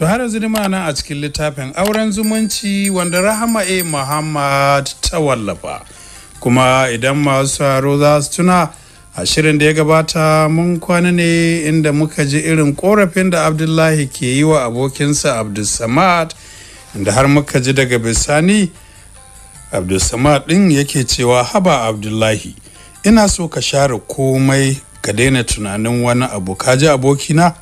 To har yanzu ma a cikin littafin auren zumunci wanda Rahama A. Muhammad ta wallafa. Kuma idan masu haro za su tuna a shirin da ya gabata mun kwana ne inda muka ji irin korafin da Abdullahi ke yi wa abokinsa Abdulsamad inda har muka ji daga bisani Abdulsamad ɗin yake cewa haba Abdullahi ina so ka share komai ka daina tunanin wani abu ka ji abokina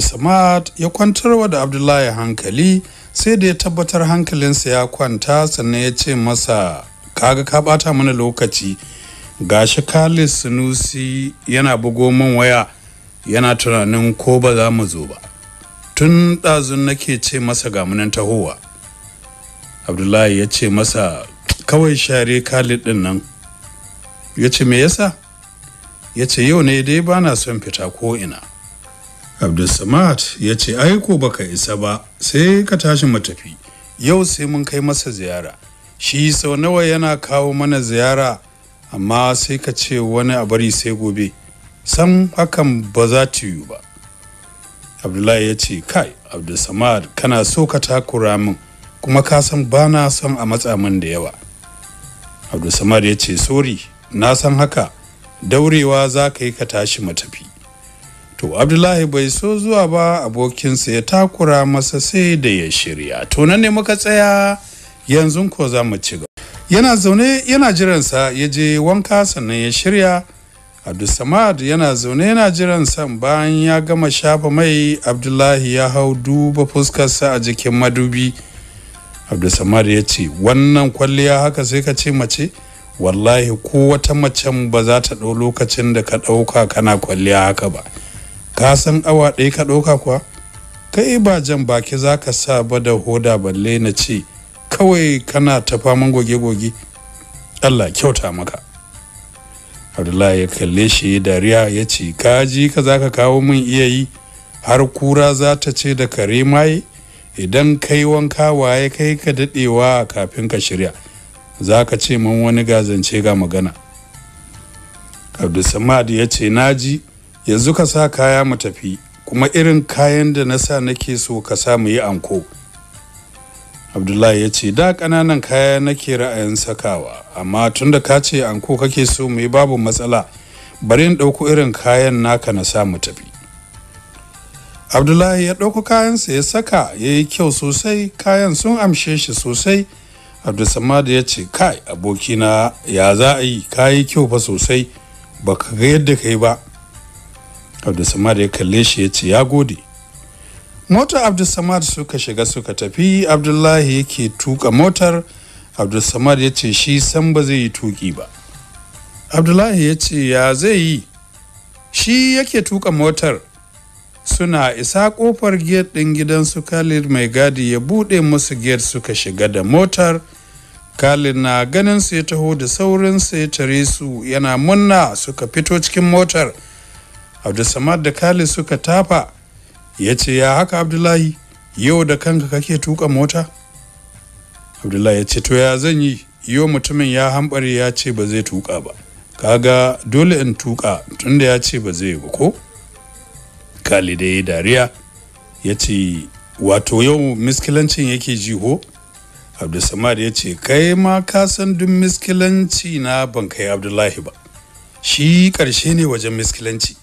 samad ya kwantar wa da Abdullahi hankali sai da ya tabbatar hankalinsa ya kwanta sannan ya ce masa kaga ka bata mana lokaci gashi Khalid Sunusi yana bugo min waya yana tunanin ko ba za mu zo ba tun ɗazun nake ce masa ga munan tahowa Abdullahi ya ce masa kawai share Khalid din nan ya ce me yasa ya ce yau ne dai bana son fita ko ina abdulsamad ya ce aiko baka isa ba sai ka tashi matafi yau sai mun kai masa ziyara shi sau nawa yana kawo mana ziyara amma sai ka ce wani a bari sai gobe san hakan ba za ta yiwu ba abdullahi ya ce kai abdulsamad kana so ka takura min kuma ka san ba na son a matsa min da yawa abdulsamad ya ce sori na san haka daurewa za ka yi ka tashi matafi to abdullahi bai so zuwa ba abokinsa ya takura masa sai da ya shirya to nan ne muka tsaya yanzu ko za mu ci gaba yana zaune yana jiransa ya je wanka sannan ya shirya abdulsamad yana zaune yana jiran sa bayan ya gama shafa mai abdullahi ya hau duba fuskarsa a jikin madubi abdulsamad ya ce wannan kwalliya haka sai ka ce mace wallahi ko wata macen ba za ta ɗau lokacin da ka ɗauka kana kwalliya haka ba ka san awa ɗaya ka ɗauka kuwa kai ba jan baki za ka sa ba da hoda balle na ce kawai kana ta faman goge-goge allah kyauta maka abdullahi ya kalle shi dariya ya ce ka ji ka za ka kawo min iya yi har kura za ta ce da kare maye idan kai wanka waye kai ka daɗewa kafin ka shirya za ka ce min wani gazance ga magana abdulsamad ya ce na ji yanzu ka sa kaya mu tafi kuma irin kayan da na sa nake so ka sa mu yi anko abdullahi ya ce da ƙananan kaya nake ra'ayin sakawa amma tun da ka ce anko kake so mu yi babu matsala bari in ɗauko irin kayan naka na sa mu tafi abdullahi ya ɗauko kayansa ya saka ya yi kyau sosai kayan sun amshe shi sosai abdulsamad ya ce kai abokina ya za a yi ka yi kyau fa sosai ba ka ga yadda ka yi ba abdulsamad ya kalle shi ya ce ya gode motar abdulsamad suka shiga suka tafi abdullahi yake tuka motar abdulsamad ya ce shi san ba zai yi tuki ba abdullahi ya ce ya zai yi shi yake tuka motar suna isa kofar gate ɗin gidan su khalid mai gadi ya buɗe musu gate suka shiga da motar khalid na ganin su ya taho da saurin ya tare su yana munna suka fito cikin motar abdulsamad da kale suka tafa ya ce ya haka abdullahi yau da kanka kake tuka mota abdullahi ya ce to ya zan yi yau mutumin ya hambari ya ce ba zai tuka ba kaga dole in tuka tunda ya ce ba zai ba ko kale da ya dariya ya ce wato yau miskilancin yake ji ho abdulsamad ya ce kai ma ka san duk miskilanci na ban kai abdullahi ba shi ƙarshe ne wajen miskilanci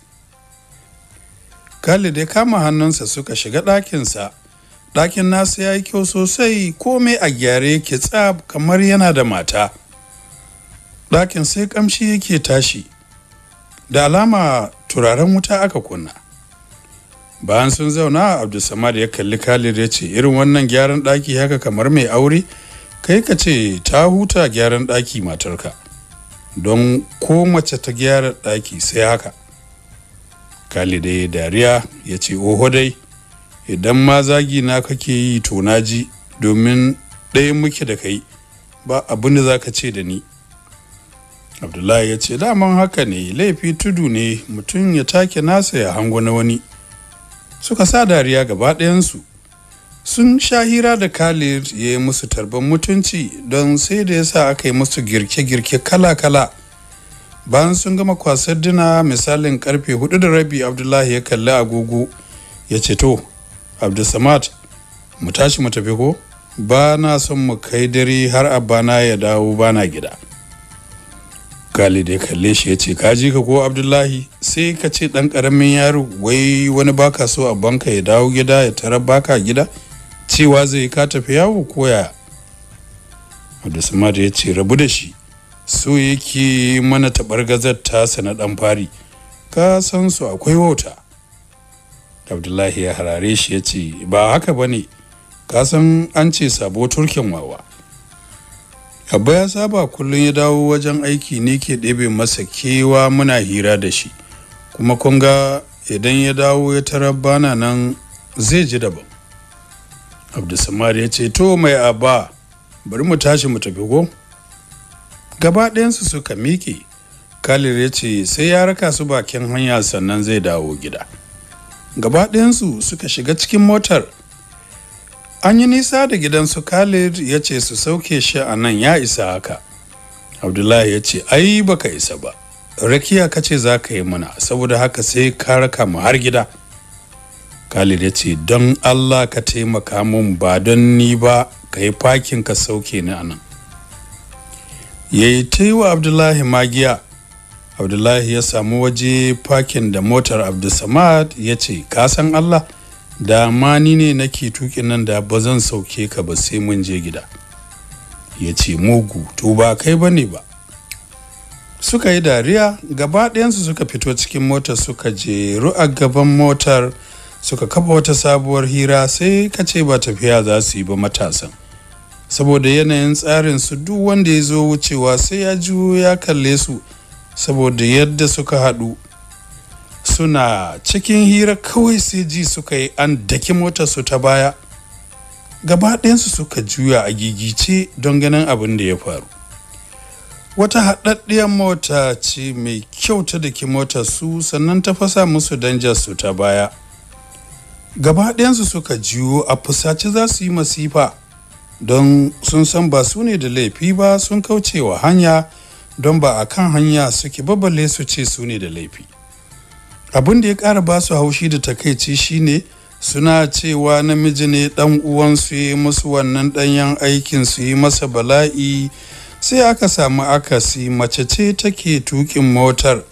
Khalid ya kama hannunsa suka shiga ɗakinsa. Ɗakin nasa ya yi kyau sosai komai a gyare yake tsab kamar yana da mata. Ɗakin sai ƙamshi yake tashi. Da alama turaren wuta aka kunna. Bayan sun zauna Abdulsamad ya kalli Khalid ya ce irin wannan gyaran ɗaki haka kamar mai aure kai ka ce ta huta gyaran ɗaki matarka. Don ko mace ta gyara ɗaki sai haka. kalide dariya ya ce oho dai idan ma zagi na kake yi to na ji domin ɗaya muke da kai ba abin da za ka ce da ni abdullahi ya ce daman haka ne laifi tudu ne mutum ya take nasa ya hango na wani suka sa dariya gaba ɗayansu sun sha hira da khalid ya yi musu tarban mutunci don sai da ya sa aka yi musu girke-girke kala-kala bayan sun gama kwasar dina misalin karfe hudu da rabi abdullahi ya kalli agogo ya ce to abdulsamad mu tashi mu tafi ko ba na son mu kai dare har abana ya dawo bana gida Khalid ya kalle shi ya ce kaji ka ko Abdullahi sai ka ce dan karamin yaro wai wani baka so a banka ya dawo gida ya tarar baka gida cewa zai ka tafi yawo ko yaya. Abdulsamad ya ce rabu da shi so yake mana taɓargazar ta na ɗan fari ka san su akwai wauta abdullahi ya harare shi yace ba haka bane ne ka san an ce sabo Turkin wawa abba ya saba kullum ya dawo wajen aiki ne ke ɗebe masa kewa muna hira da shi kuma kun ga idan ya dawo ya tarar bana nan zai ji daban abdulsamad ya ce to mai abba bari mu tashi mu tafi ko gaba ɗayansu suka miƙe khalil ya ce sai ya raka su bakin hanya sannan zai dawo gida gaba ɗayansu suka shiga cikin motar an yi nisa da gidansu khalid ya ce su sauke shi a nan ya isa haka abdullahi ya ce ai baka isa ba rakiya ka ce za ka yi mana saboda haka sai ka raka mu har gida khalid ya ce don allah ka taimaka mun ba don ni ba ka yi fakin ka sauke ni a nan ya yi ta yi wa abdullahi magiya abdullahi ya samu waje fakin da motar abdulsamad ya ce kasan allah da ma ni ne nake tukin nan da ba zan sauke ka ba sai mun je gida ya ce mugu to ba kai ba ne ba suka yi dariya gaba ɗayansu suka fito cikin motar suka jeru a gaban motar suka kafa wata sabuwar hira sai ka ce ba tafiya za su yi ba matasan saboda yanayin tsarin su duk wanda ya zo wucewa sai ya juyo ya kalle su saboda yadda suka haɗu suna cikin hira kawai sai ji suka yi an daki motar su ta baya gaba su suka juya a gigice don ganin abin da ya faru wata haɗaɗɗiyar mota ce mai kyau ta daki mota su sannan ta fasa musu danjar su ta baya gaba su suka juyo a fusace za su yi masifa don sun san ba su ne da laifi ba sun kauce wa hanya don ba a kan hanya suke babbale su ce su ne da laifi abin da ya ƙara ba su haushi da takaici shine suna cewa namiji ne ɗan uwansu yi musu wannan ɗanyen aikin su yi masa bala'i sai aka samu akasi mace ce take tukin motar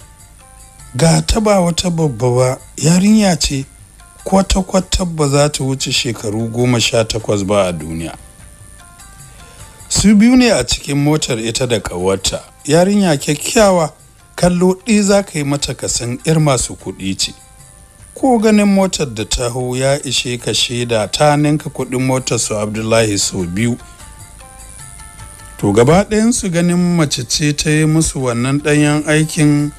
ga ta ba wata babba ba yarinya ce kwata-kwata ba za ta wuce shekaru goma sha takwas ba a duniya su biyu ne a cikin motar ita da ƙawarta yarinya kyakkyawa kallo ɗi za ka yi mata kasan ‘yar masu kuɗi ce ko ganin motar da ta taho ya ishe ka shaida ta ninka kuɗin motar su abdullahi sau biyu to gaba ɗayansu ganin mace ce ta yi musu wannan ɗanyen aikin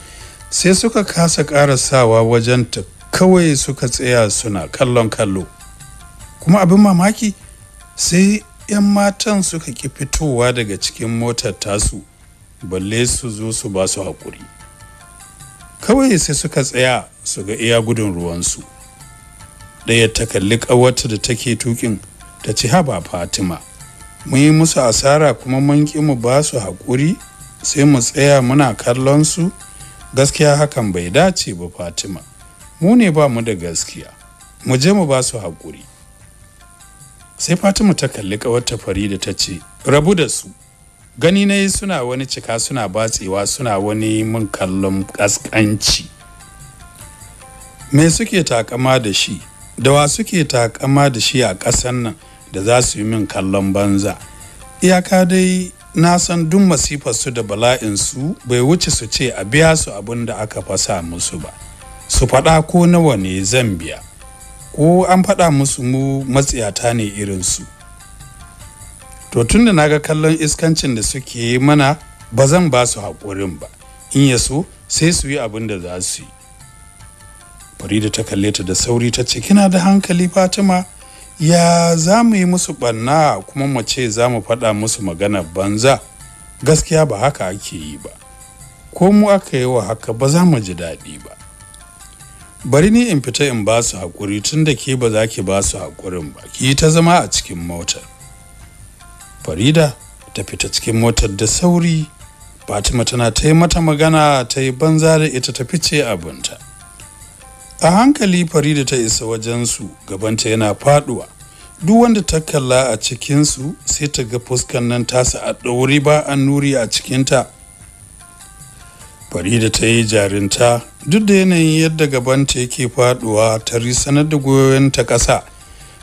sai suka kasa ƙara ƙarasawa wajenta kawai suka tsaya suna kallon kallo kuma abin mamaki sai 'yan matan suka ƙi fitowa daga cikin motar tasu balle su zo su ba su haƙuri kawai sai suka tsaya su ga iya gudun ruwansu ɗaya ta kalli ƙawarta da take tukin ta ci haba fatima mun yi musu asara kuma mun ƙi mu ba su haƙuri sai mu tsaya muna kallon su gaskiya hakan bai dace ba fatima mu ne ba mu da gaskiya mu je mu ba su haƙuri sai fatima ta kalli ƙawarta da ta ce rabu da su gani na yi suna wani cika suna batsewa suna wani mun kallon ƙasƙanci me suke takama da shi da wa suke takama da shi a ƙasan nan da za su yi min kallon banza iyaka dai na san duk masifarsu da bala'insu bai wuce su ce a biya su abin da aka fasa musu ba su faɗa ko nawa ne zan biya ko an faɗa musu mu matsiyata ne su. to tunda na ga kallon iskancin da suke mana ba zan ba su haƙurin ba in yaso sai su yi abin da za su yi farida ta kalle ta da sauri ta ce kina da hankali fatima ya za mu yi musu ɓanna kuma mu ce za mu faɗa musu magana banza gaskiya ba haka ake yi ba ko mu aka yi wa haka ba za mu ji daɗi ba bari ni in fita in ba su haƙuri tun da ke ba za ki ba su haƙurin ba ki ta zama a cikin motar farida ta fita cikin motar da sauri fatima tana ta yi mata magana ta yi banza da ita ta fice abinta a hankali farida ta isa wajensu gabanta yana faduwa duk wanda ta kalla a cikinsu sai ta ga fuskan nan tasa a ɗauri ba an nuri a cikinta farida ta yi jarinta duk da yanayin yadda gabanta yake faduwa ta risanar da ta ƙasa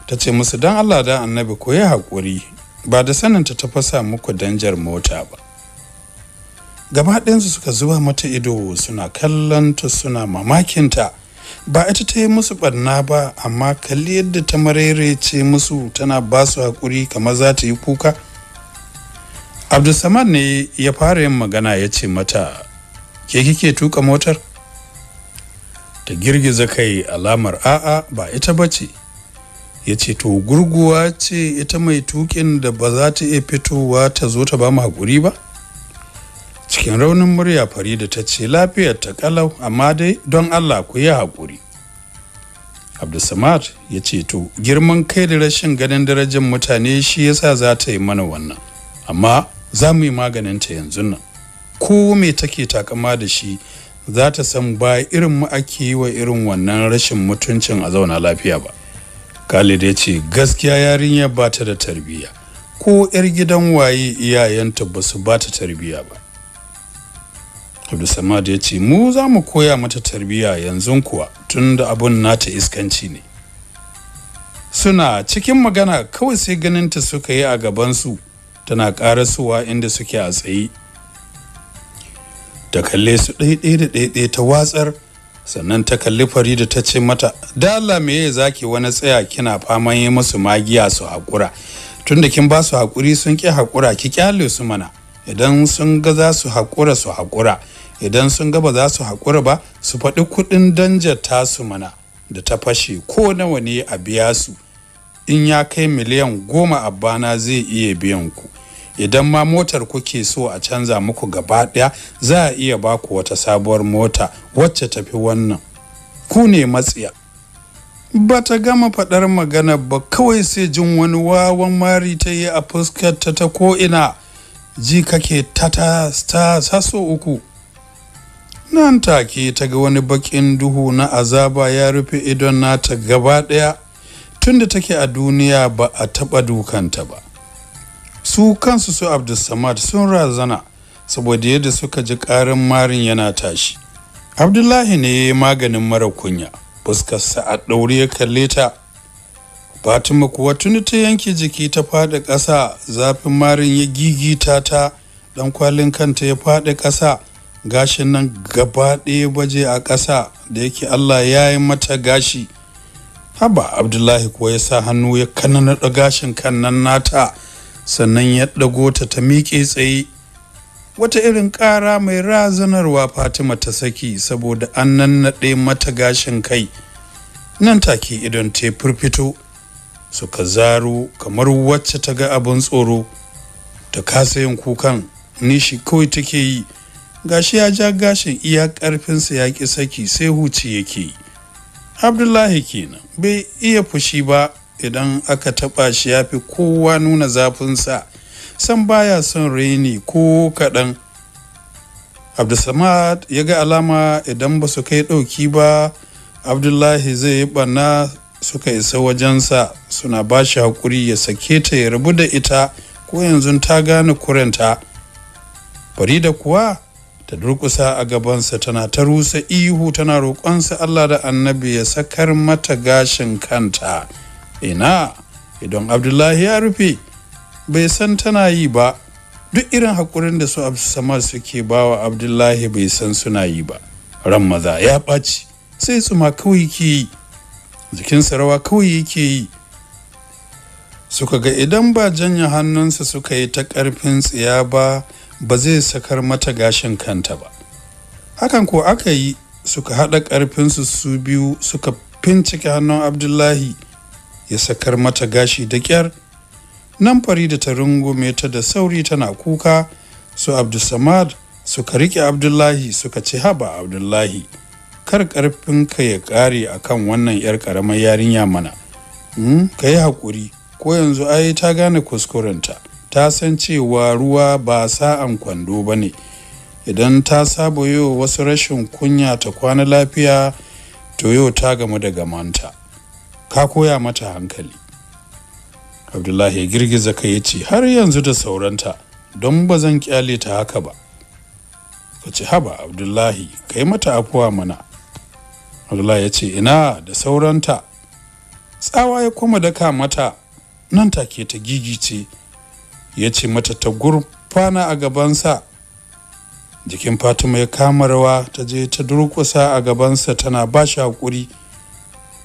ta ce musu dan allah da annabi ko ya haƙuri ba da sananta ta fasa muku danjar mota ba gaba ɗayansu suka zuba mata ido suna kallon ta suna mamakinta ba ita ta yi musu ɓanna ba amma kalli yadda ta ce musu tana ba su haƙuri kamar za ta yi kuka abdulsamad ne ya fara yin magana ya ce mata ke kike tuka motar ta girgiza kai alamar a'a ba ita ba ce ya ce to gurguwa ce ita mai tukin da ba za ta iya fitowa ta zo ta ba mu haƙuri ba cikin raunin murya farida ta ce lafiyar ta kalau amma dai don allah ku yi haƙuri abdulsamad ya ce to girman kai da rashin ganin darajar mutane shi yasa za ta yi mana wannan amma za mu yi maganinta yanzu nan ko me take takama da shi za ta san ba irin mu ake yi wa irin wannan rashin mutuncin a zauna lafiya ba khalid ya ce gaskiya yarinya ba ta da tarbiyya ko 'yar gidan waye iyayenta ba su ba ta tarbiyya ba Samad ya ce mu za mu koya mata tarbiyya yanzu kuwa tun da abun nata iskanci ne suna cikin magana kawai sai ganinta suka yi a gabansu tana ƙarasuwa inda suke a tsaye ta kalle su ɗaiɗai da ɗaiɗai ta watsar sannan ta kalli farida ta ce mata da Allah me ya zaki wani tsaya kina faman yi musu magiya su haƙura tunda kin ba su haƙuri sun ƙi haƙura ki ƙyale su mana idan sun ga za su haƙura su haƙura idan sun ga ba za su haƙura ba su faɗi kuɗin danjar su mana da ta fashe ko nawa ne a biya su in ya kai miliyan goma abana zai iya biyan ku idan ma motar kuke so a canza muku gaba ɗaya za a iya baku wata sabuwar mota wacce tafi wannan ku ne matsiya ba ta gama faɗar magana ba kawai sai jin wani wawan mari ta yi a fuskarta ta ta ko'ina ji kake ta ta saso uku nan take ta ga wani bakin duhu na azaba ya rufe idon nata gaba ɗaya tunda take a duniya ba a taɓa dukanta ba su kansu su abdulsamad sun razana saboda yadda suka ji ƙarin marin yana tashi abdullahi ne ya yi maganin mara kunya fuskarsa a ɗaure ya kalle ta fatima kuwa tuni ta yanke jiki ta faɗi ƙasa zafin marin ya gigita ta ɗan kwalin kanta ya faɗi ƙasa gashin nan gaba ɗaya baje a ƙasa da yake allah ya yi mata gashi haba abdullahi kuwa ya sa hannu ya kanana gashin kan nan nata sannan ya ɗago ta ta miƙe tsaye wata irin ƙara mai razanarwa fatima ta saki saboda an nannaɗe mata gashin kai nan take idan ta firfito suka zaro kamar wacce ta ga abin tsoro ta kasa yin kukan nishi kawai take yi gashi ya ja gashin iya ƙarfinsa ya ƙi saki sai huci yake yi abdullahi kenan bai iya fushi ba idan aka taɓa shi ya fi kowa nuna zafin sa san baya son raini ko kaɗan abdulsamad ya ga alama idan ba su kai ɗauki ba abdullahi zai yi ɓanna suka isa wajensa suna ba shi haƙuri ya sake ta ya rabu da ita ko yanzu ta gane kuranta farida kuwa ta durƙusa a gabansa tana ta rusa ihu tana roƙonsa allah da annabi ya sakar mata gashin kanta ina idan abdullahi ya rufe bai san tana yi ba duk irin haƙurin da su sama suke bawa abdullahi bai san suna yi ba ran maza ya ɓaci sai tsuma kawai ke yi jikinsa rawa kawai yake yi suka ga idan ba janya hannunsa suka yi ta ƙarfin tsiya ba ba zai sakar mata gashin kanta ba hakan ko aka yi suka haɗa ƙarfinsu su biyu suka fincike hannun abdullahi ya sakar mata gashi da kyar nan farida ta rungume ta da sauri tana kuka su abdulsamad suka rike abdullahi suka ce haba abdullahi kar karfin ka ya kare akan wannan yar karamar yarinya mana mm, ka yi hakuri, ko yanzu ai ta gane kuskurenta ta san cewa ruwa ba sa'an kwando ba ne idan ta saba yau wasu rashin kunya ta kwana lafiya to yau ta gamu da gamanta ka koya mata hankali abdullahi ya girgiza kai ya ce har yanzu da sauranta don ba zan kyale ta haka ba ka ce haba abdullahi ka yi mata afuwa mana abdullahi ya ce ina da sauranta tsawa ya kuma daka mata nan take ta gigice ya ce mata ta gurfana a gabansa jikin fatima ya kama rawa ta je ta durƙusa a gabansa tana ba shi haƙuri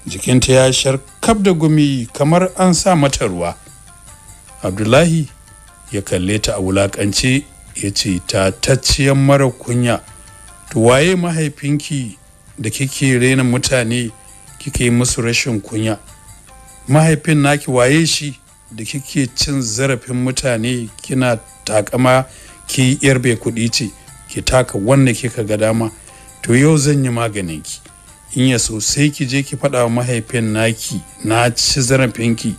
jikinta ya sharkab da gumi kamar an sa mata ruwa abdullahi ya kalle ta a wulakance ya ce ta tacciyar mara kunya to waye mahaifinki da kike rena mutane kike yi musu rashin kunya mahaifin naki waye shi da kike cin zarafin mutane kina takama ki yar bai ce ki taka wanda kika ga dama to yau zan yi maganinki in ya so sai ki je ki faɗa wa mahaifin naki na ci zarafinki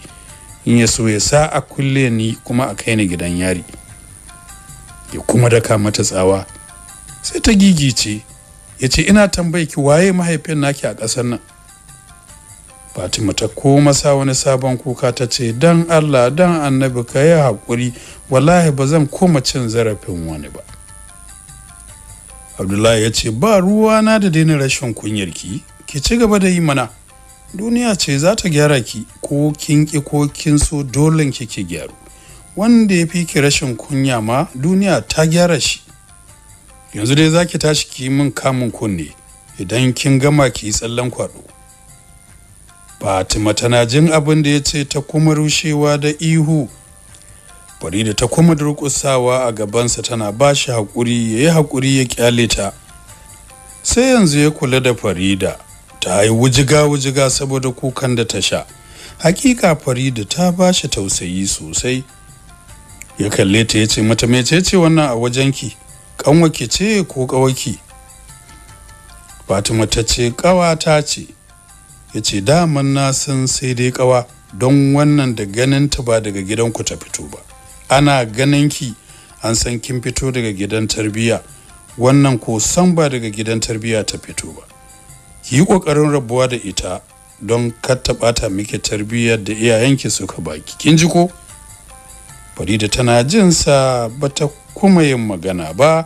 in ya so ya sa a kulle ni kuma a kai ni gidan yari ya kuma daka mata tsawa sai ta gigice ya ce ina tambayi ki waye mahaifin naki a ƙasar nan fatima ta koma sa wani sabon kuka ta ce dan allah dan annabi ka yi haƙuri wallahi ba zan koma cin zarafin wani ba abdullahi ya ce ba ruwa na da daina rashin kunyar ki ci gaba da yi mana duniya ce za ta gyara ki ko kin ki ko kin so dolen ki ki gyaru wanda ya fi ki rashin kunya ma duniya ta gyara shi yanzu dai za ki tashi ki min kamun kunne idan kin gama ki yi tsallen kwaɗo fatima tana jin abin da ya ce ta kuma rushewa da ihu farida ta kuma durƙusawa a gabansa tana ba shi haƙuri ya yi haƙuri ya ƙyale ta sai yanzu ya kula da farida ta yi wujiga-wujiga saboda kukan da ta sha hakika farida ta ba shi tausayi sosai ya kalle ta ya ce mata mecece wannan a wajenki ki ce ko ƙawaki fatima ta ce ƙawa ta ce ya ce daman na san sai dai ƙawa don wannan da ganin ta ba daga gidanku ta fito ba ana ganin ki an san kin fito daga gidan tarbiyya wannan ko san ba daga gidan tarbiyya ta fito ba ki yi kokarin rabuwa da ita don kar ta bata miki tarbiyyar da iyayenki suka baki kin ji ko farida tana jin sa bata kuma yin magana ba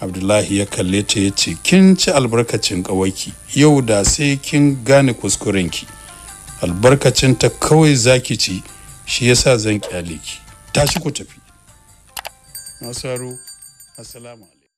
abdullahi ya kalle ta ya ce kin ci albarkacin kawaki yau da sai kin gane kuskurenki albarkacin ta kawai zaki ci shi yasa zan kyale ki tashi ku tafi masu haro assalamu